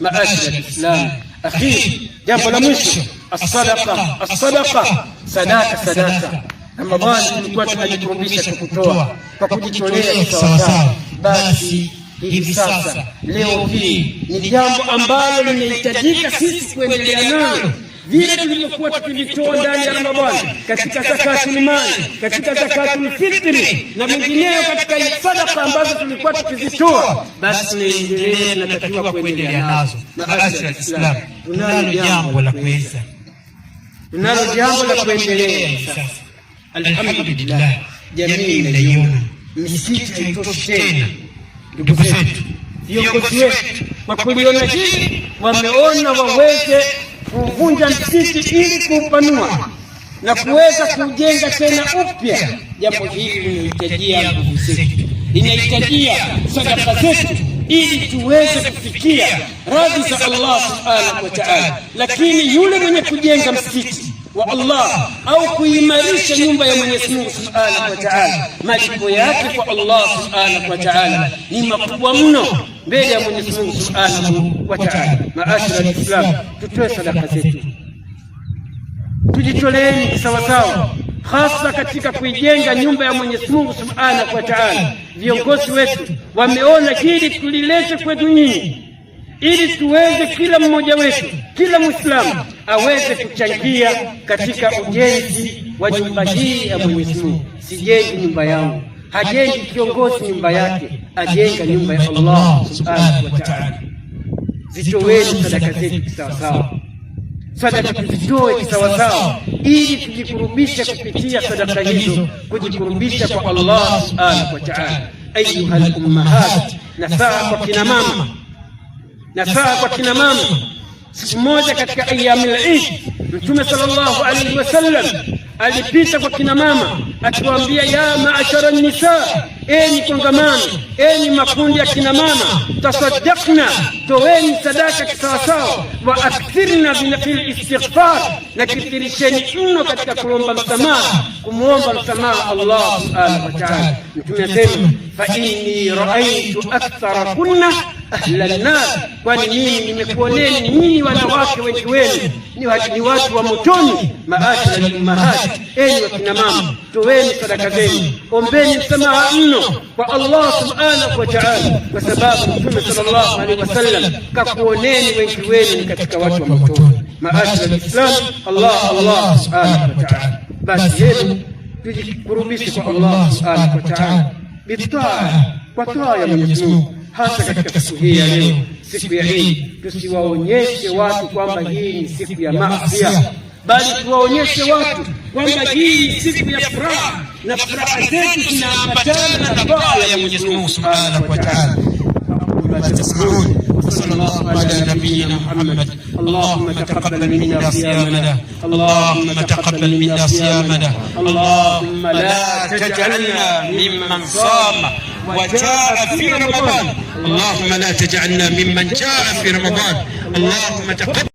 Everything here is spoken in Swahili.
maashira Islam. Akhiri, jambo la mwisho, assadaka assadaka, sadaka sadaka. Ramadhani tulikuwa tunajikumbisha tukutoa kwa kujitolea sawasawa, basi hivi sasa leo hii ni jambo ambalo linahitajika sisi kuendelea nalo vile tulivyokuwa tukivitoa ndani ya Ramadhani katika zakatul mali, katika zakatul fitri na mengineyo katika sadaka ambazo tulikuwa tukizitoa, basi tunaendelea, tunatakiwa kuendelea nazo. Na ya Islam tunalo jambo la kuweza, tunalo jambo la kuendelea sasa. Alhamdulillah, jamii inaiona misitu haitoshi tena, ndugu zetu viongozi wetu kwa kuliona hili wameona waweze kuvunja msikiti ili kuupanua na kuweza kujenga tena upya. Jambo hili linahitajia nguvu zetu, linahitajia sadaka zetu ili tuweze kufikia radhi za Allah subhanahu wa ta'ala. Lakini yule mwenye kujenga msikiti wa Allah au kuimarisha nyumba ya Mwenyezi Mungu subhanahu wa ta'ala, malipo yake kwa Allah subhanahu wa ta'ala ni makubwa mno mbele ya Mwenyezi Mungu subhanahu wa taala. Maashara Islam, tutoe sadaka zetu, tujitoleeni kisawasawa, hasa katika kuijenga nyumba ya Mwenyezi Mungu subhanahu wa taala. Viongozi wetu wameona hili tulilete kwetu nyinyi, ili tuweze kila mmoja wetu, kila Mwislamu aweze kuchangia katika ujenzi wa nyumba hii ya Mwenyezi Mungu. Sijengi nyumba yangu hajengi kiongozi nyumba yake, ajenga nyumba ya Allah subhanahu wa ta'ala. Zitoweni sadaka zetu kisawasawa, sadaka tuzitoe kisawasawa, ili tujikurubisha kupitia sadaka hizo, kujikurubisha kwa Allah subhanahu wa ta'ala. Ayuha ummahat, nasaha kwa kina mama, nasaha kwa kina mama. Siku moja katika ayamul Eid, Mtume sallallahu alaihi wasallam alipita kwa kina mama akiwaambia, ya maashara nisa, enyi kongamano, enyi makundi ya kina mama, tasaddaqna, toweni sadaka kisawasawa, wa akthirna fil istighfar, na kitirisheni mno katika kuomba msamaha, kumwomba msamaha Allah subhanahu wa ta'ala. Mtume asema, fa inni raaitu akthara kunna nar kwani mimi nimekuoneni nyinyi wanawake wengi wenu ni watu wa motoni, maasha na ummahati. Enyi wakina mama, toweni sadaka zenu, ombeni msamaha mno kwa Allah subhanahu wa ta'ala, kwa sababu Mtume sallallahu alaihi wasallam kakuoneni wengi wenu ni katika watu wa motoni, maasha na Islam. Allah Allah subhanahu wa ta'ala, basi yetu tujikurubishe kwa Allah subhanahu wa ta'ala bitaa, kwa toa ya Mwenyezi Mungu hasa katika siku hii ya leo, siku ya Eid, tusiwaonyeshe watu kwamba hii ni siku ya maasi, bali tuwaonyeshe watu kwamba hii ni siku ya furaha na furaha zetu zinaambatana na baa ya Mwenyezi Mungu Subhanahu wa Ta'ala. وصلى الله على نبينا محمد اللهم تقبل منا صيامنا اللهم تقبل منا صيامنا اللهم لا تجعلنا ممن صام وجاء في رمضان اللهم لا تجعلنا ممن جاء في رمضان اللهم تقبل